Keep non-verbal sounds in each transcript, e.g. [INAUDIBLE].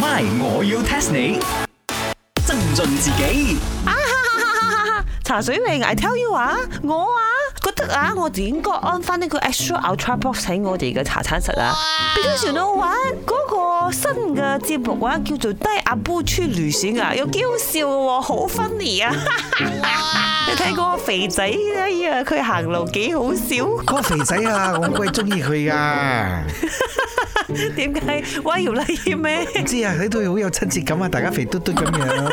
MY，我要 test 你，增進自己。啊哈哈哈！茶水明，I tell you 啊。我啊覺得啊，我哋應該安翻呢個 extra ultra box 喺我哋嘅茶餐室哇啊。b i l 你玩嗰個新嘅節目啊，叫做低壓波穿雷閃啊，又幾好笑嘅喎，好 funny 啊！你睇嗰個肥仔啊，佢行路幾好笑。個肥仔啊，我鬼中意佢啊！ [LAUGHS] 點解？Why you lie me？唔知啊，睇到佢好有親切感啊，大家肥嘟嘟咁樣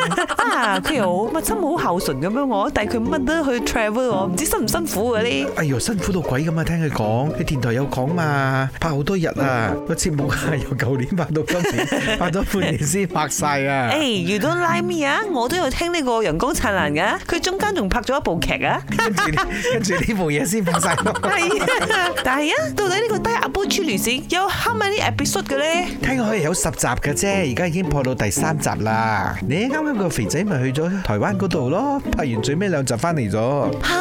啊，佢又乜心好孝順咁樣我，但係佢乜都去 travel，我唔知辛唔辛苦啊呢。哎喲，辛苦到鬼咁啊！聽佢講，佢電台有講嘛，拍好多日啊，個節目係由舊年拍到今年，拍咗半年先拍晒啊。誒，You don't lie me 啊，我都有聽呢個陽光燦爛噶，佢中間仲拍咗一部劇啊，跟住跟住呢部嘢先拍晒。係啊，但係啊，到底呢個低壓煲超聯線有後尾？係必出嘅咧，聽講係有十集嘅啫，而家已經播到第三集啦。你啱啱個肥仔咪去咗台灣嗰度咯，拍完最尾兩集翻嚟咗。吓？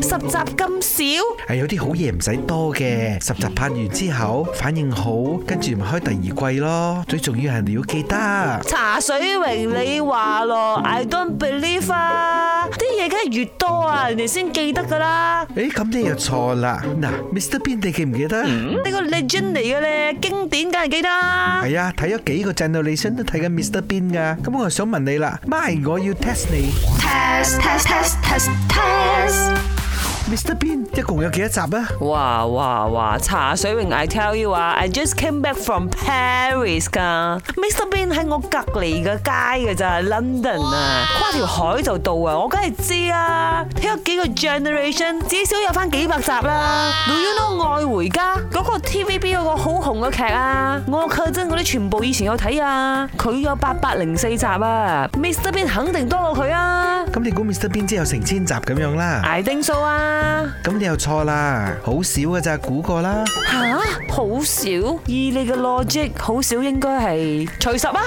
十集咁少，係、哎、有啲好嘢唔使多嘅。十集拍完之後反應好，跟住咪開第二季咯。最重要係你要記得、啊。茶水榮，你話咯，I don't believe 啊，啲嘢梗係越多啊，人哋先記得噶啦。誒、哎，咁你又錯啦。嗱 Mr. Bean，你記唔記得？呢、嗯、個 legend 嚟嘅咧，經典梗係記得。係啊，睇咗、嗯、幾個 generation 都睇緊 Mr. Bean 噶。咁我想問你啦，媽，我要 test 你 test，test，test，test，test。Mr. Bean 一共有幾多集啊？哇哇哇！茶水榮，I tell you 啊，I just came back from Paris 噶。Mr. Bean 喺我隔籬嘅街㗎咋，London 啊哇，跨條海就到啊，我梗係知啊，睇咗幾個 generation，至少有返幾百集啦。《Do you know 愛回家》嗰、嗰個 TVB 嗰個好紅嘅劇啊，我靠真嗰啲全部以前有睇啊。佢有八百零四集啊，Mr. Bean 肯定多過佢啊。咁你估 Mr. Bean 之後成千集咁樣啦？I think so 啊！咁你又錯啦，好少噶咋，估過啦。吓，好少？以你嘅 logic，好少應該係除十啊，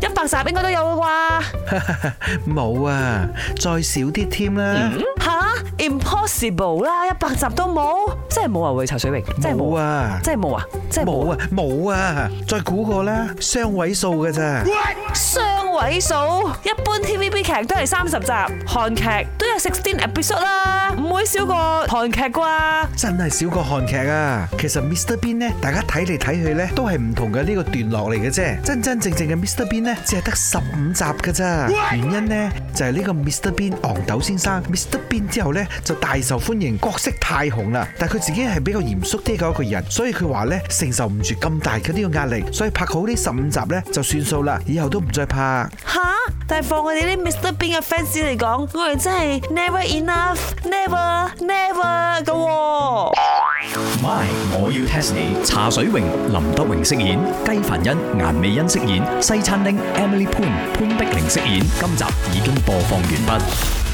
一百集應該都有啩。冇啊，再少啲添啦。吓，impossible 啦，一百集都冇，真係冇華為查水位，真係冇啊，真係冇啊，真係冇啊，冇啊，再估過啦，雙位數噶咋？雙。位數一般 TVB 劇都係三十集，韓劇都有 sixteen episodes 啦，唔會少過韓劇啩？真係少過韓劇啊！其實 Mr. Bean 呢，大家睇嚟睇去呢，都係唔同嘅呢個段落嚟嘅啫。真真正正嘅 Mr. Bean 呢，只係得十五集嘅咋。哇原因呢，就係、是、呢個 Mr. Bean，戇豆先生，Mr. Bean 之後呢，就大受歡迎，角色太紅啦。但佢自己係比較嚴肅啲嘅一個人，所以佢話呢，承受唔住咁大嘅呢個壓力，所以拍好呢十五集呢，就算數啦，以後都唔再拍。吓！但係放我哋啲 Mr. Bean 嘅 fans 嚟講，我哋真係 never enough，never，never 噶喎。My，我要 test 你。茶水榮，林德榮飾演；，雞凡欣，顏美欣飾演；，西餐廳 Emily Poon，潘碧玲飾演。今集已經播放完畢。